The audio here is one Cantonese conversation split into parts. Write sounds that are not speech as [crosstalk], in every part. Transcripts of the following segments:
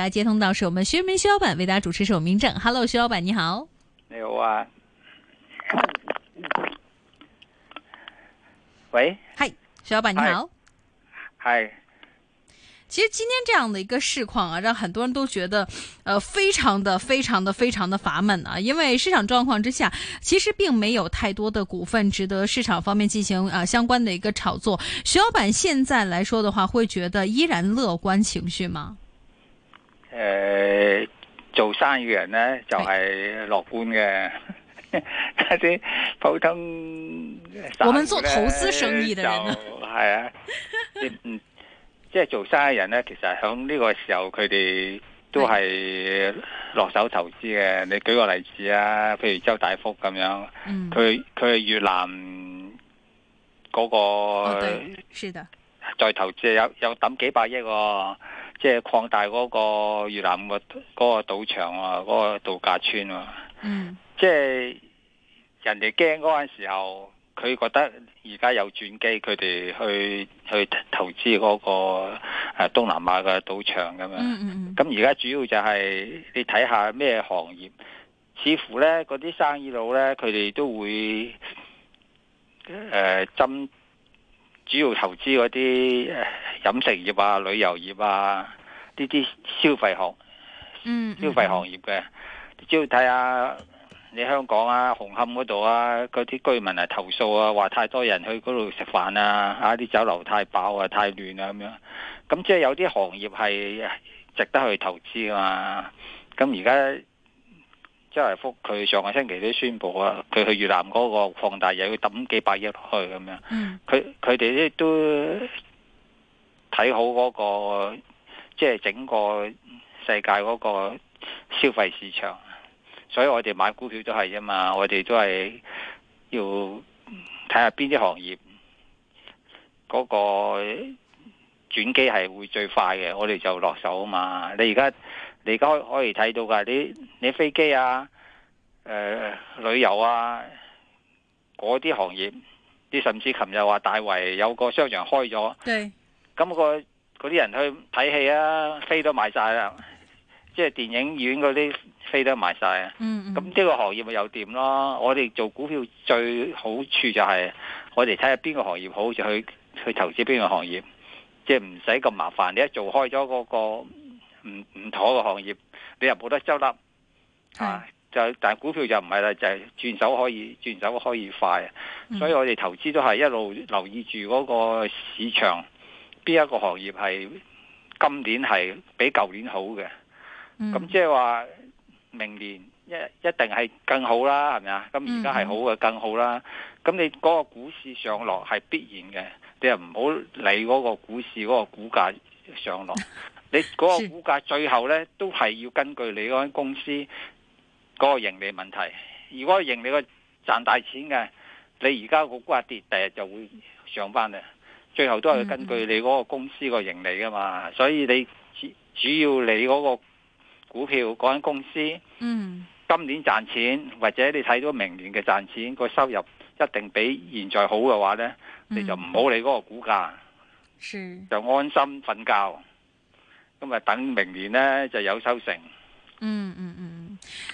大家接通到是我們潤民徐老闆為大家主持，是我明正。Hello，徐老闆你好。你好啊。喂。嗨，徐老闆 Hi 你好。嗨 Hi。其實今天這樣的一個市況啊，讓很多人都覺得呃非常的非常的非常的乏悶啊，因為市場狀況之下，其實並沒有太多的股份值得市場方面進行啊、呃、相關的一個炒作。徐老板現在來說的話，會覺得依然樂觀情緒嗎？誒，做生意嘅人咧就係樂觀嘅，啲普通，我哋做投資生意嘅人咧就係啊，即係做生意人咧，其實響呢個時候佢哋都係落手投資嘅。你舉個例子啊，譬如周大福咁樣，佢佢係越南嗰個，對，是的，再投資有有抌幾百億。即係擴大嗰個越南個嗰個賭場啊，嗰、嗰個度假村啊，即係、mm hmm. 人哋驚嗰陣時候，佢覺得而家有轉機，佢哋去去投資嗰個誒東南亞嘅賭場咁、啊、樣。咁而家主要就係你睇下咩行業，似乎咧嗰啲生意佬咧，佢哋都會誒針、呃、主要投資嗰啲誒。飲食業啊、旅遊業啊，呢啲消費行、mm hmm. 消費行業嘅，只要睇下你香港啊、紅磡嗰度啊，嗰啲居民係投訴啊，話太多人去嗰度食飯啊，吓、啊、啲酒樓太爆啊、太亂啊咁樣。咁即係有啲行業係值得去投資啊嘛。咁而家周大福佢上個星期都宣布啊，佢去越南嗰個放大又，要抌幾百億落去咁樣。佢佢哋都。睇好嗰個，即係整個世界嗰個消費市場，所以我哋買股票都係啫嘛。我哋都係要睇下邊啲行業嗰個轉機係會最快嘅，我哋就落手啊嘛。你而家你而家可以睇到噶，你你飛機啊，誒，旅遊啊，嗰啲行業，啲甚至琴日話大圍有個商場開咗。對咁、那個嗰啲人去睇戲啊，飛都賣晒啦，即係電影院嗰啲飛都賣晒。啊、嗯。咁、嗯、呢個行業咪又掂咯？我哋做股票最好處就係、是、我哋睇下邊個行業好就去去投資邊個行業，即係唔使咁麻煩。你一做開咗嗰個唔唔妥嘅行業，你又冇得執笠。係、嗯啊、就但係股票就唔係啦，就係、是、轉手可以轉手可以快。所以我哋投資都係一路留意住嗰個市場。邊一個行業係今年係比舊年好嘅？咁即係話明年一一定係更好啦，係咪啊？咁而家係好嘅更好啦。咁你嗰個股市上落係必然嘅，你又唔好理嗰個股市嗰個股價上落。你嗰個股價最後呢都係要根據你嗰間公司嗰個盈利問題。如果盈利個賺大錢嘅，你而家個股價跌，第日就會上翻嘅。最後都係根據你嗰個公司個盈利噶嘛，所以你主要你嗰個股票嗰間公司，今年賺錢或者你睇到明年嘅賺錢個收入一定比現在好嘅話呢，你就唔好理你嗰個股價，就安心瞓覺，咁咪等明年呢就有收成。嗯嗯嗯。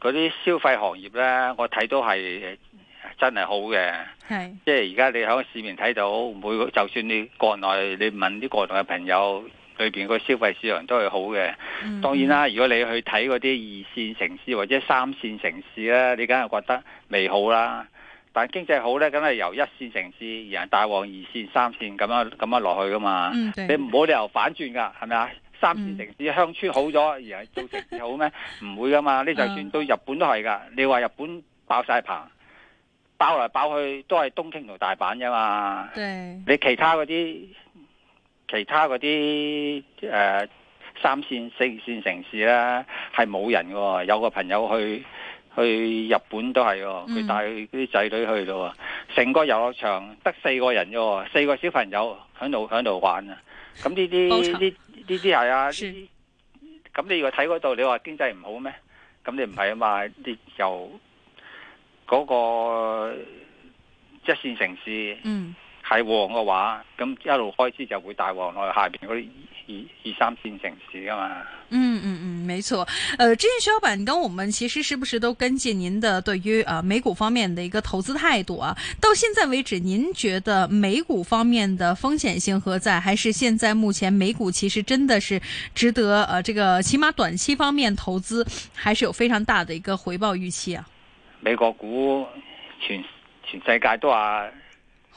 嗰啲消費行業咧，我睇到係真係好嘅，是即係而家你喺個市面睇到，每個就算你國內你問啲國內嘅朋友，裏邊個消費市場都係好嘅。嗯嗯，當然啦，如果你去睇嗰啲二線城市或者三線城市咧，你梗係覺得未好啦。但經濟好咧，梗係由一線城市然後帶往二線、三線咁樣咁樣落去噶嘛。嗯、你唔好理由反轉噶，係咪啊？三線城市、嗯、鄉村好咗，而係做城市好咩？唔 [laughs] 會噶嘛！呢就算到日本都係噶。你話日本爆晒棚，爆嚟爆去都係東京同大阪啫嘛。對你其他嗰啲、嗯、其他嗰啲、呃、三線四線城市呢，係冇人㗎喎。有個朋友去去日本都係喎，佢帶佢啲仔女去喎。成、嗯、個遊樂場得四個人啫喎，四個小朋友喺度響度玩啊！咁呢啲呢呢啲係啊，咁是你如果睇嗰度，你話經濟唔好咩？咁你唔係啊嘛，啲由嗰個一線城市嗯，係旺嘅話，咁一路開支就會大旺落去下邊嗰啲。二二三線城市啊嘛，嗯嗯嗯，沒錯。呃，之前徐老板跟我們其實是不是都跟進您的對於，呃、美股方面的一個投資態度啊。到現在為止，您覺得美股方面的風險性何在？還是現在目前美股其實真的是值得呃，這個起碼短期方面投資還是有非常大的一個回報預期啊。美國股全全世界都話。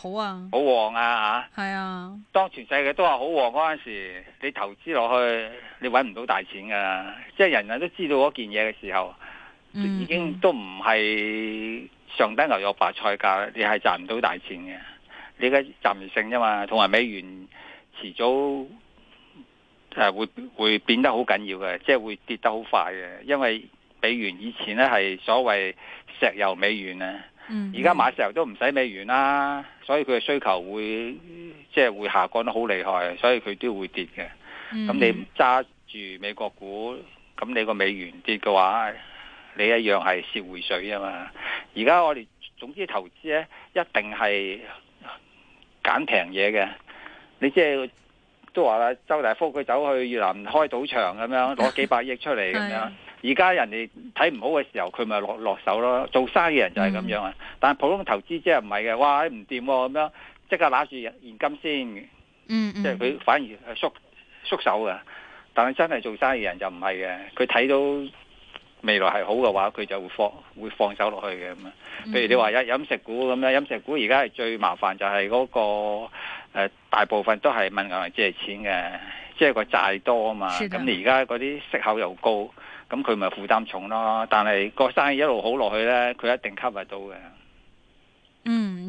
好啊，好旺啊，吓係啊！當全世界都話好旺嗰陣時，你投資落去，你搵唔到大錢噶。即係人人都知道嗰件嘢嘅時候，已經都唔係上低牛肉白菜價，你係賺唔到大錢嘅。你嘅暫時性啫嘛，同埋美元遲早誒會會變得好緊要嘅，即係會跌得好快嘅，因為美元以前咧係所謂石油美元啊。而家買石油都唔使美元啦，所以佢嘅需求會即係會下降得好厲害，所以佢都會跌嘅。咁你揸住美國股，咁你個美元跌嘅話，你一樣係蝕回水啊嘛。而家我哋總之投資咧，一定係揀平嘢嘅。你即係都話啦，周大福佢走去越南開賭場咁樣，攞幾百億出嚟咁樣。 [laughs] 而家人哋睇唔好嘅時候，佢咪落落手咯。做生意人就係咁樣啊，mm hmm. 但係普通投資即係唔係嘅。哇，唔掂咁樣，即刻攞住現金先。即係佢反而係縮縮手嘅。但係真係做生意人就唔係嘅。佢睇到未來係好嘅話，佢就會放會放手落去嘅咁啊。譬如你話飲飲食股咁樣，飲食股而家係最麻煩就係嗰個、呃、大部分都係問銀行借錢嘅，即係個債多啊嘛。是的。咁你而家嗰啲息口又高。咁佢咪負擔重咯，但係個生意一路好落去咧，佢一定吸引到嘅。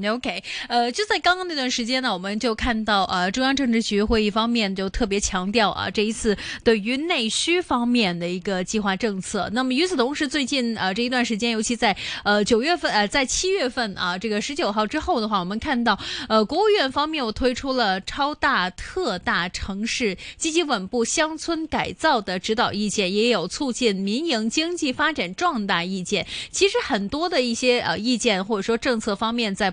OK，呃，就在剛剛那段時間呢，我們就看到，呃，中央政治局會議方面就特別強調啊，這一次對於內需方面的一個計劃政策。那麼與此同時，最近呃這一段時間，尤其在呃九月份，呃在七月份啊，這個十九號之後的話，我們看到，呃，國務院方面又推出了超大特大城市積極穩步鄉村改造的指導意見，也有促進民營經濟發展壯大意見。其實很多的一些呃意見或者說政策方面在。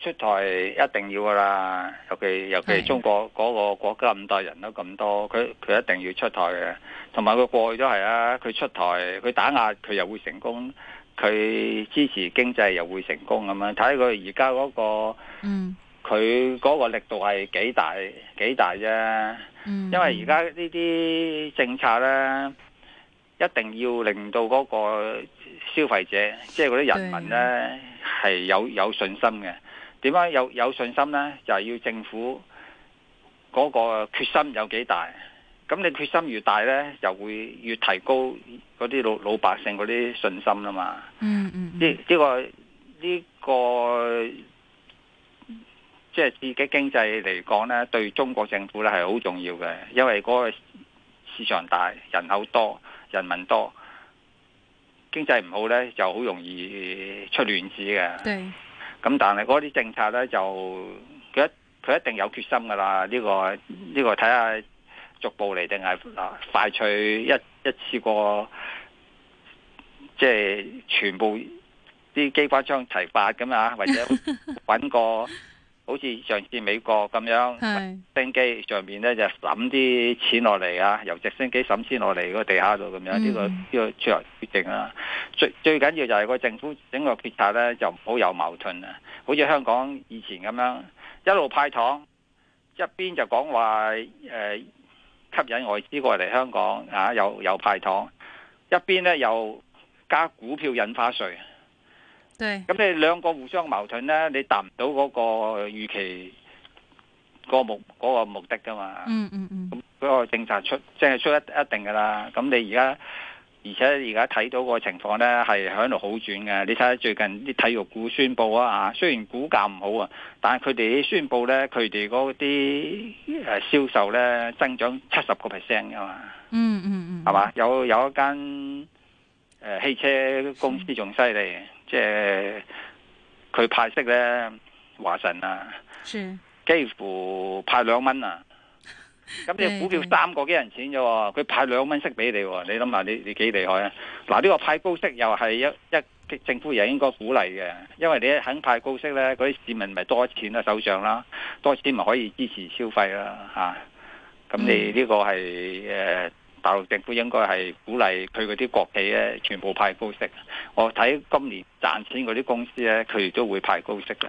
出台一定要噶啦，尤其尤其中國嗰個國家咁大，人都咁多，佢佢一定要出台嘅。同埋佢過去都係啊，佢出台佢打壓佢又會成功，佢支持經濟又會成功咁樣。睇佢而家嗰個，嗯，佢嗰個力度係幾大幾大啫。嗯，因為而家呢啲政策呢，一定要令到嗰個消費者，即係嗰啲人民呢，係有有信心嘅。點樣有有信心呢？就係要政府嗰個決心有幾大？咁你決心越大呢，就會越提高嗰啲老老百姓嗰啲信心啦嘛。嗯嗯這。呢呢個呢個，即係自己經濟嚟講呢，對中國政府呢係好重要嘅，因為嗰個市場大，人口多，人民多，經濟唔好呢，就好容易出亂子嘅。對。咁但係嗰啲政策咧，就佢一佢一定有決心噶啦。呢個呢個睇下逐步嚟定係啊快脆一一次過，即係全部啲機關槍齊發咁啊，或者揾個。 [laughs] 好似上次美國咁樣，是直升機上面咧就揼啲錢落嚟啊，由直升機揼錢落嚟個地下度咁樣，呢個呢個出來決定啦、嗯。最最緊要就係個政府整個決策咧，就唔好有矛盾啊。好似香港以前咁樣，一路派糖，一邊就講話、呃、吸引外資過嚟香港啊，又又派糖，一邊咧又加股票印花稅。咁你兩個互相矛盾咧，你達唔到嗰個預期個目嗰個目的噶嘛。嗯嗯嗯。咁、嗯、嗰個政策出即係出一一定噶啦。咁你而家而且而家睇到個情況咧，係喺度好轉嘅。你睇下最近啲體育股宣佈啊，雖然股價唔好啊，但係佢哋宣佈咧，佢哋嗰啲誒銷售咧增長七十個 percent 噶嘛。嗯嗯嗯。係、嗯、嘛、嗯？有有一間誒、呃、汽車公司仲犀利。即係佢派息咧，華晨啊，是幾乎派兩蚊啊，咁你股票三個幾銀錢啫？喎、啊，佢派兩蚊息俾你，你諗下你你幾厲害啊？嗱，呢、這個派高息又係一一政府又應該鼓勵嘅，因為你一肯派高息咧，嗰啲市民咪多錢喺手上啦，多錢咪可以支持消費啦，吓、啊，咁你呢個係誒。嗯大陸政府應該係鼓勵佢嗰啲國企咧，全部派高息。我睇今年賺錢嗰啲公司咧，佢哋都會派高息嘅。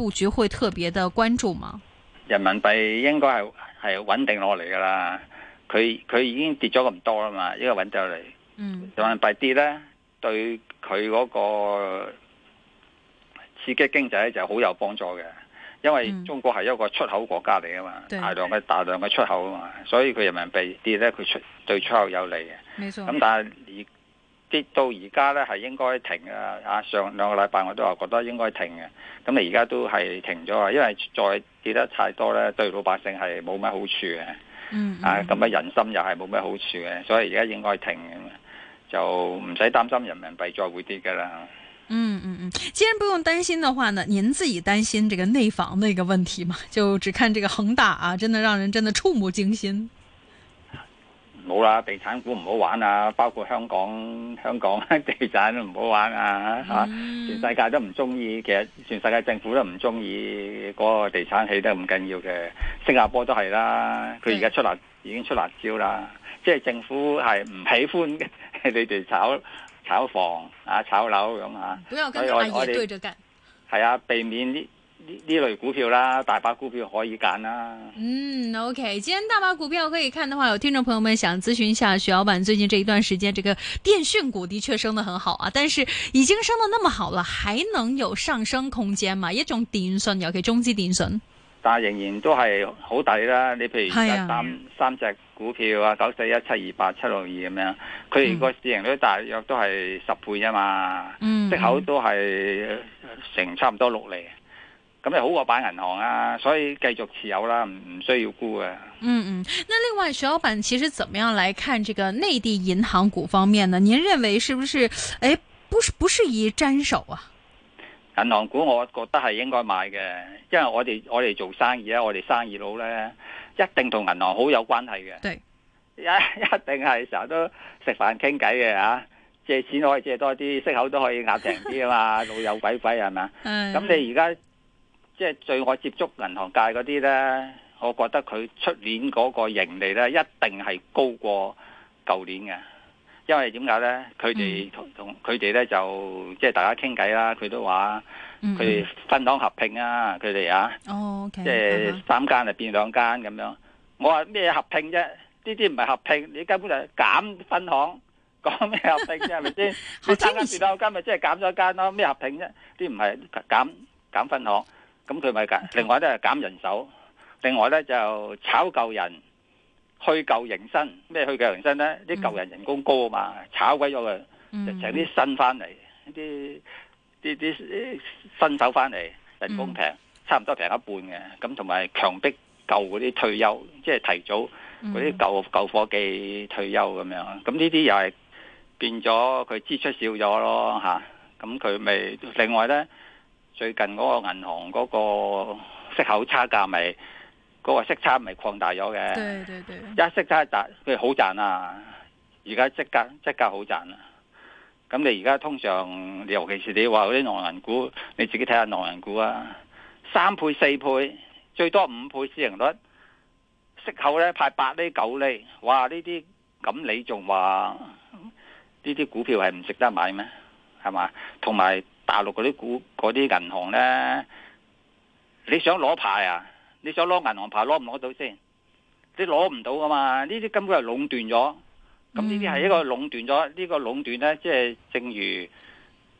布局會特別的關注嗎？人民幣應該係係穩定落嚟噶啦，佢佢已經跌咗咁多啦嘛，應該穩定落嚟。嗯，人民幣跌咧，對佢嗰個刺激經濟咧就好有幫助嘅，因為中國係一個出口國家嚟啊嘛，嗯、大量嘅對大量嘅出口啊嘛，所以佢人民幣跌咧，佢出對出口有利嘅。咁錯、嗯、但係跌到而家咧，係應該停啊！啊，上兩個禮拜我都話覺得應該停嘅，咁你而家都係停咗啊！因為再跌得太多咧，對老百姓係冇乜好處嘅。嗯、嗯。啊，咁啊人心又係冇乜好處嘅，所以而家應該停，就唔使擔心人民幣再會跌㗎喇。嗯嗯嗯，既然不用擔心嘅話呢，您自己擔心這個內房嘅一個問題嘛？就只看這個恒大啊，真的讓人真的觸目驚心。冇啦，地產股唔好玩啊！包括香港香港地產都唔好玩啊！嚇、嗯，全世界都唔中意，其實全世界政府都唔中意嗰個地產起得唔緊要嘅。新加坡都係啦，佢而家出辣對已經出辣椒啦、辣招，即係政府係唔喜歡你哋炒炒房啊，炒樓咁啊，所以我我哋係啊，避免啲。呢呢類股票啦，大把股票可以揀啦。嗯，OK，今日大把股票可以看的話，有聽眾朋友們想諮詢一下徐老闆，最近這一段時間，這個電訊股的確升得很好啊，但是已經升得那麼好了，還能有上升空間嗎？一種電訊，尤其中資電訊，但仍然都係好抵啦。你譬如三三隻股票啊，九四一七二八七六二咁樣，佢個市盈率大約都係十倍啊嘛。嗯，息口都係成、嗯、差唔多六厘。咁又好過擺銀行啊，所以繼續持有啦，唔唔需要沽啊。嗯嗯，那另外徐老闆其實怎麼樣來看這個內地銀行股方面呢？您認為是不是？誒、哎，不是不是宜沾手啊？銀行股我覺得係應該買嘅，因為我哋我哋做生意啊，我哋生意佬咧一定同銀行好有關係嘅。對，一 [laughs] 一定係成日都食飯傾偈嘅吓，借錢可以借多啲，息口都可以壓平啲啊嘛， [laughs] 老友鬼鬼係咪。嗯。咁你而家？即係最我接觸銀行界嗰啲咧，我覺得佢出年嗰個盈利咧一定係高過舊年嘅，因為點解咧？佢哋同同佢哋咧就即係大家傾偈啦，佢都話佢哋分行合併啊，佢哋啊，即係三間啊變兩間咁樣。我話咩合併啫？呢啲唔係合併，你根本就係減分行，講咩合併啫？係咪先？三間變兩間，咪即係減咗一間咯？咩合併啫？啲唔係減減分行。咁佢咪減，另外咧係減人手，另外咧就炒舊人，去舊迎新。咩去舊迎新咧？啲舊人人工高嘛，mm hmm. 炒鬼咗佢，就請啲新翻嚟，啲啲啲新手翻嚟，人工平，mm hmm. 差唔多平一半嘅。咁同埋強迫舊嗰啲退休，即係提早嗰啲舊舊伙計退休咁樣。咁呢啲又係變咗佢支出少咗咯吓。咁佢咪另外咧？最近嗰個銀行嗰個息口差價咪嗰個息差咪擴大咗嘅。對對對，一息差大佢好賺啊！而家即刻即刻好賺啊！咁你而家通常，尤其是你話嗰啲內銀股，你自己睇下內銀股啊，三倍、四倍，最多五倍市盈率，息口呢派八厘、九厘。哇！呢啲咁你仲話呢啲股票係唔值得買咩？係嘛？同埋。大陸嗰啲股、啲銀行咧，你想攞牌啊？你想攞銀行牌攞唔攞到先？你攞唔到噶嘛？呢啲根本係壟斷咗，咁呢啲係一個壟斷咗呢個壟斷咧，即係正如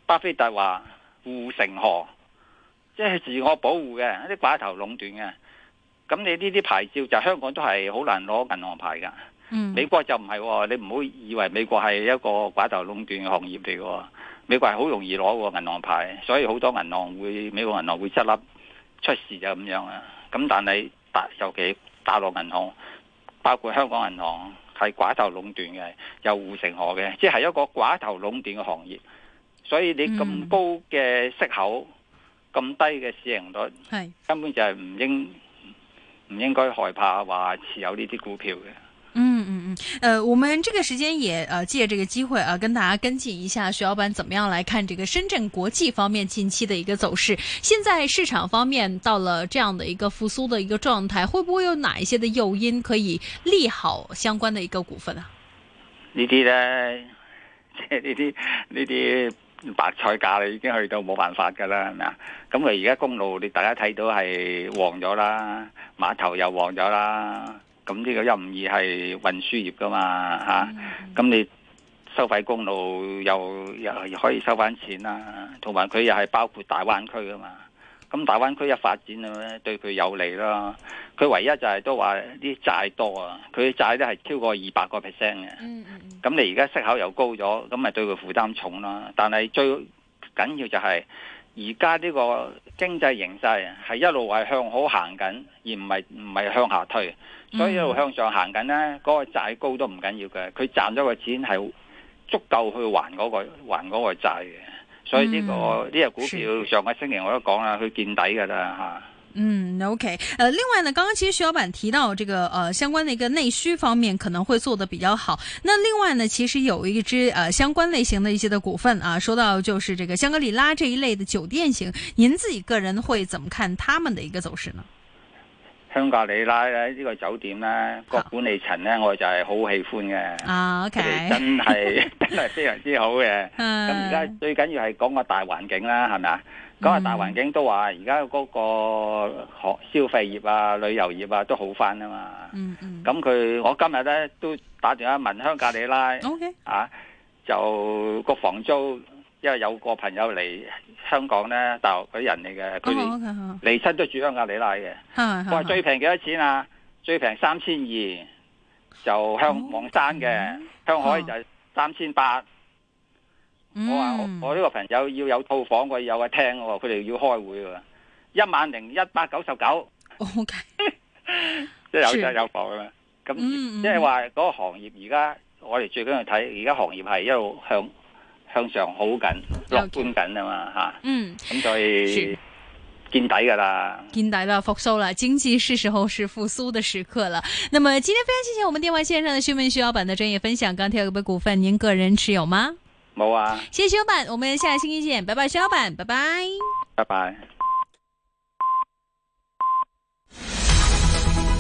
巴菲特話護城河，即係自我保護嘅，一啲寡頭壟斷嘅。咁你呢啲牌照就香港都係好難攞銀行牌噶，美國就唔係喎，你唔好以為美國係一個寡頭壟斷嘅行業嚟嘅喎。美國係好容易攞個銀行牌，所以好多銀行會，美國銀行會執笠出事，就咁樣啊！咁但係大，尤其大陸銀行，包括香港銀行係寡頭壟斷嘅，又護城河嘅，即係一個寡頭壟斷嘅行業。所以你咁高嘅息口，咁，嗯、低嘅市盈率，是根本就係唔應唔應該害怕話持有呢啲股票嘅。嗯呃、我們這個時間也、呃、借這個機會啊，跟大家跟進一下徐老闆怎麼樣來看這個深圳國際方面近期的一個走勢。現在市場方面到了這樣的一個復蘇的一個狀態，會不會有哪一些的誘因可以利好相關的一個股份啊？呢啲咧，即係呢啲呢啲白菜價你已經去到冇辦法噶啦係咪啊？咁佢而家公路你大家睇到係旺咗啦，碼頭又旺咗啦。咁呢個一五二係運輸業噶嘛嚇，咁，啊，你收費公路又又可以收翻錢啦，同埋佢又係包括大灣區噶嘛，咁大灣區一發展咧，對佢有利啦。佢唯一就係都話啲債多啊，佢債都係超過二百個 percent 嘅，咁你而家息口又高咗，咁咪對佢負擔重咯。但係最緊要就係、是。.而家呢個經濟形勢係一路係向好行緊，而唔係唔係向下推，所以一路向上行緊呢，嗰個債高都唔緊要嘅，佢賺咗個錢係足夠去還嗰個還嗰個債嘅，所以呢個呢隻、嗯、股票上個星期我都講啦，佢見底㗎啦嚇。嗯，OK，呃另外呢，剛剛其實徐老闆提到這個，呃相關的一個內需方面可能會做得比較好。那另外呢，其實有一支呃相關類型的一些的股份啊，說到就是這個香格里拉這一類的酒店型，您自己個人會怎麼看他們的一個走勢呢？香格里拉呢呢、這個酒店呢個管理層呢，好我就係好喜歡嘅。啊，OK，真係 [laughs] 真係非常之好嘅。嗯，咁而家最緊要係講個大環境啦，係咪？咁啊，大環境都話，而家嗰個消費業啊、旅遊業啊都好翻啊嘛。咁佢、嗯嗯、我今日咧都打電話問香格里拉，Okay. 啊，就個房租，因為有個朋友嚟香港咧，大陸嗰啲人嚟嘅，佢哋嚟親都住香格里拉嘅。佢話的最平幾多錢啊？的最平三千二，就向望山嘅，okay. 向海就三千八。嗯、我話我呢個朋友要有套房，佢有個廳，佢哋要開會噶，一萬零一百九十九。O K，即係有車有房咁嘛咁即係話嗰個行業而家，我哋最緊要睇，而家、嗯、行業係一路向向上好緊，樂觀緊啊嘛吓。嗯，咁、啊、所以見底噶啦，是見底啦，復蘇啦，經濟是時候是復蘇嘅時刻啦。那麼今天非常謝謝我們電話線上的徐潤民徐老闆的專業分享。剛鋼鐵股份，您個人持有嗎？冇啊，謝謝小板，我們下星期見，拜拜，小板，拜拜，拜拜。